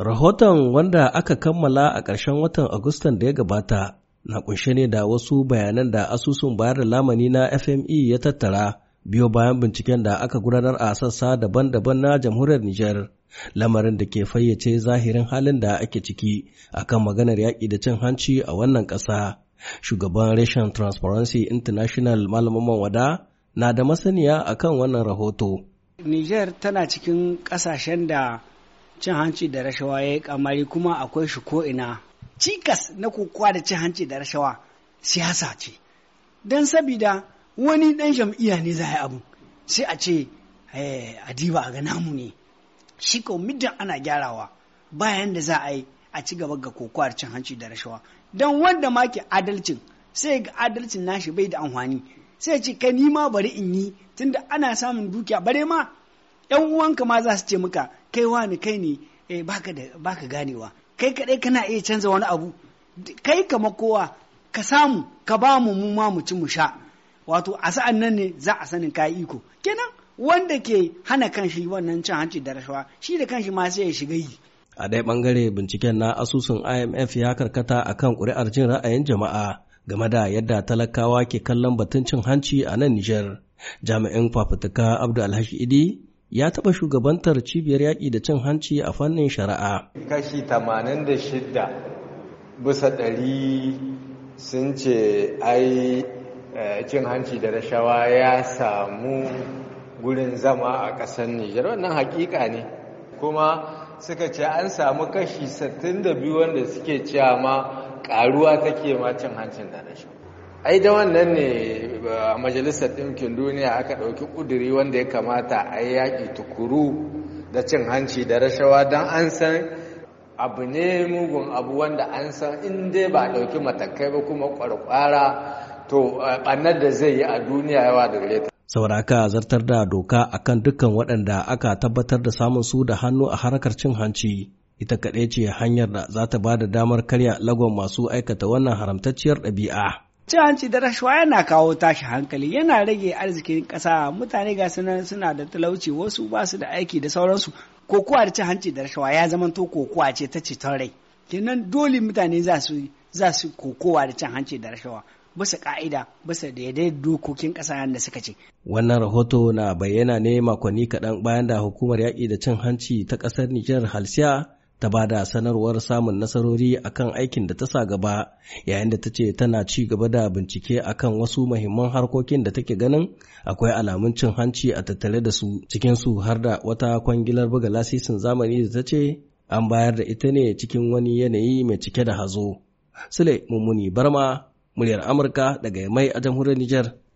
Rahoton wanda aka kammala a ƙarshen watan Agustan da ya gabata na ƙunshe ne da wasu bayanan da asusun bayar da lamani na FME ya tattara biyo bayan binciken da aka gudanar a sassa daban-daban na jamhuriyar Nijar. Lamarin da ke fayyace zahirin halin da ake ciki a kan maganar yaƙi da cin hanci a wannan ƙasa. Shugaban reshen Transparency International Malamman Wada na da masaniya akan wannan rahoto. Nijar tana cikin ƙasashen da cin hanci da rashawa ya yi kamari kuma akwai shi ko ina. cikas na kokowa da cin hanci da rashawa siyasa ce don sabida wani dan jam'iyya ne za a yi abu sai a ce eh, adiba a ga namu ne shi ko middan ana gyarawa bayan da za a yi a ci gaba ga da cin hanci da rashawa don wanda ma ke adalcin sai ga adalcin nashi bai da amfani sai ce kai ni ma bari in yi tunda ana samun dukiya bare ma yan uwanka ma za su ce maka kai wani kai ne eh, ba ka ganewa kai kadai kana iya canza wani abu kai kama kowa ka samu ka ba mu mu ma mu ci mu sha wato a sa'an nan ne za a sanin kayi iko kenan wanda ke hana kanshi wannan cin hanci da rashawa shi da kanshi ma sai ya shiga yi a dai bangare binciken na asusun imf ya karkata a kan ƙuri'ar jin ra'ayin jama'a game da yadda talakawa ke kallon batun cin hanci a nan nijar jami'in fafutuka abdu alhashi idi ya taɓa shugabantar cibiyar yaƙi da cin hanci a fannin shari'a. Kashi 86 bisa ɗari sun ce ai eh, cin hanci da rashawa ya samu gurin zama a ƙasar Nijar wannan hakika ne kuma suka ce an samu kashi 62 wanda suke cewa ma ƙaruwa take ma cin hancin da rashawa. Ai da wannan ne A majalisar ɗinkin duniya aka ɗauki ƙuduri wanda ya kamata a yi yaƙi tukuru da cin hanci da rashawa don an san abu ne mugun abu wanda an san in dai ba ɗauki matakai ba kuma ƙwarƙwara to eh, ɓannar da zai yi a duniya yawa da gare ta. aka zartar da doka akan dukkan waɗanda aka tabbatar da samun su da hannu a harkar cin hanci ita kaɗai ce hanyar da za ta ba da damar karya lagon masu aikata wannan haramtacciyar ɗabi'a. cin hanci da rashawa yana kawo tashi hankali yana rage arzikin ƙasa mutane ga sunan suna da talauci wasu ba su da aiki da sauransu kokowa da cin hanci da rashawa ya zama to kokowa ce ta ceton rai kenan dole mutane za su za su kokowa da cin hanci da rashawa bisa ka'ida bisa daidai dokokin ƙasa da suka ce. Wannan rahoto na bayyana ne makonni kaɗan bayan da hukumar yaƙi da cin hanci ta ƙasar Nijar Halsiya ta ba da sanarwar samun nasarori akan aikin da ta sa gaba yayin da ta ce tana ci gaba da bincike akan wasu mahimman harkokin da take ganin akwai alamun cin hanci a tattare da su cikin su har da wata kwangilar buga lasisin zamani da ta ce an bayar da ita ne cikin wani yanayi mai cike da hazo. Sule Mummuni Barma, muryar Amurka daga Mai a jamhuriyar Nijar.